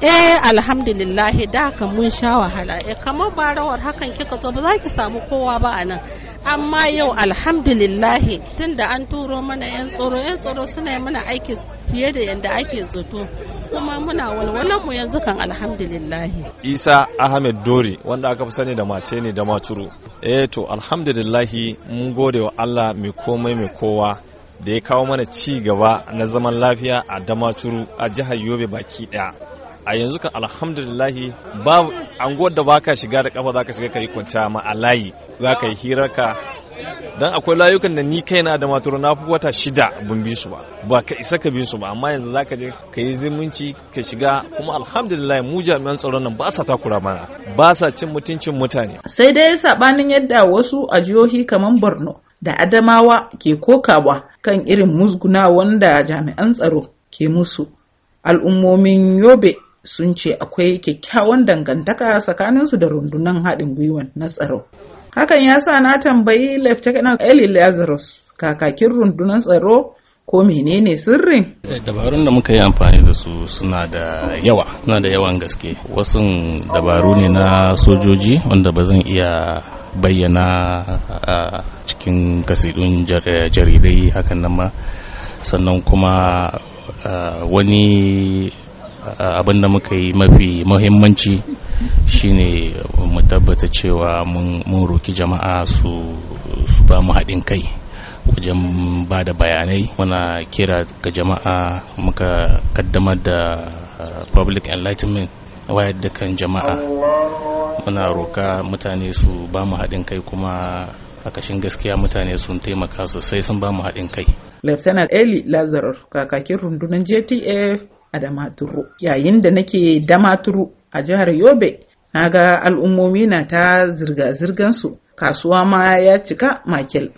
eh alhamdulillahi da ka mun sha wahala eh kamar ba rawar hakan kika zo ba za ki samu kowa ba a nan amma yau alhamdulillahi tunda an turo mana yan tsoro yan tsoro suna mana aiki fiye da yadda ake zato kuma muna walwalan mu yanzu kan alhamdulillah isa ahmed dori wanda aka fi sani da mace ne da maturu eh to alhamdulillahi mun gode wa allah mai komai mai kowa da ya kawo mana ci gaba na zaman lafiya a damaturu a jihar yobe baki daya a yanzu kan alhamdulillahi babu anguwar da baka shiga da kafa zaka shiga kai kwanta ma a layi zaka yi ka dan akwai layukan da ni kaina da maturu na fi wata shida bin bi su ba ba ka isa ka bin su ba amma yanzu zaka je ka yi zumunci ka shiga kuma alhamdulillah mu jami'an tsaron nan ba sa takura mana ba sa cin mutuncin mutane sai dai sabanin yadda wasu a jihohi kamar Borno da Adamawa ke kokawa kan irin musguna wanda jami'an tsaro ke musu al'ummomin Yobe sun ce akwai kyakkyawan dangantaka tsakaninsu da rundunan haɗin gwiwa na tsaro. Hakan ya sa na tambayi Lieutenant Eli Lazarus kakakin rundunan tsaro ko menene sirrin? Eh, dabarun da muka yi amfani da su suna da yawa, suna da yawan gaske. Wasu dabaru ne na sojoji wanda ba zan iya bayyana a cikin kasidun eh, jaridai hakan nan ma sannan kuma wani abin da muka yi mafi muhimmanci shine mu tabbata cewa mun roki jama'a su ba mu haɗin kai wajen ba da bayanai muna kira ga jama'a muka kaddamar da uh, public enlightenment wayar da kan jama'a muna roka mutane su ba mu haɗin kai kuma a kashin gaskiya mutane sun taimaka sosai sun ba mu haɗin kai. Lieutenant Eli Lazarus kakakin rundunar JTF a damaturu yayin da nake damaturu a jihar yobe na ga al'ummomi na ta zirga-zirgansu kasuwa ma ya cika makil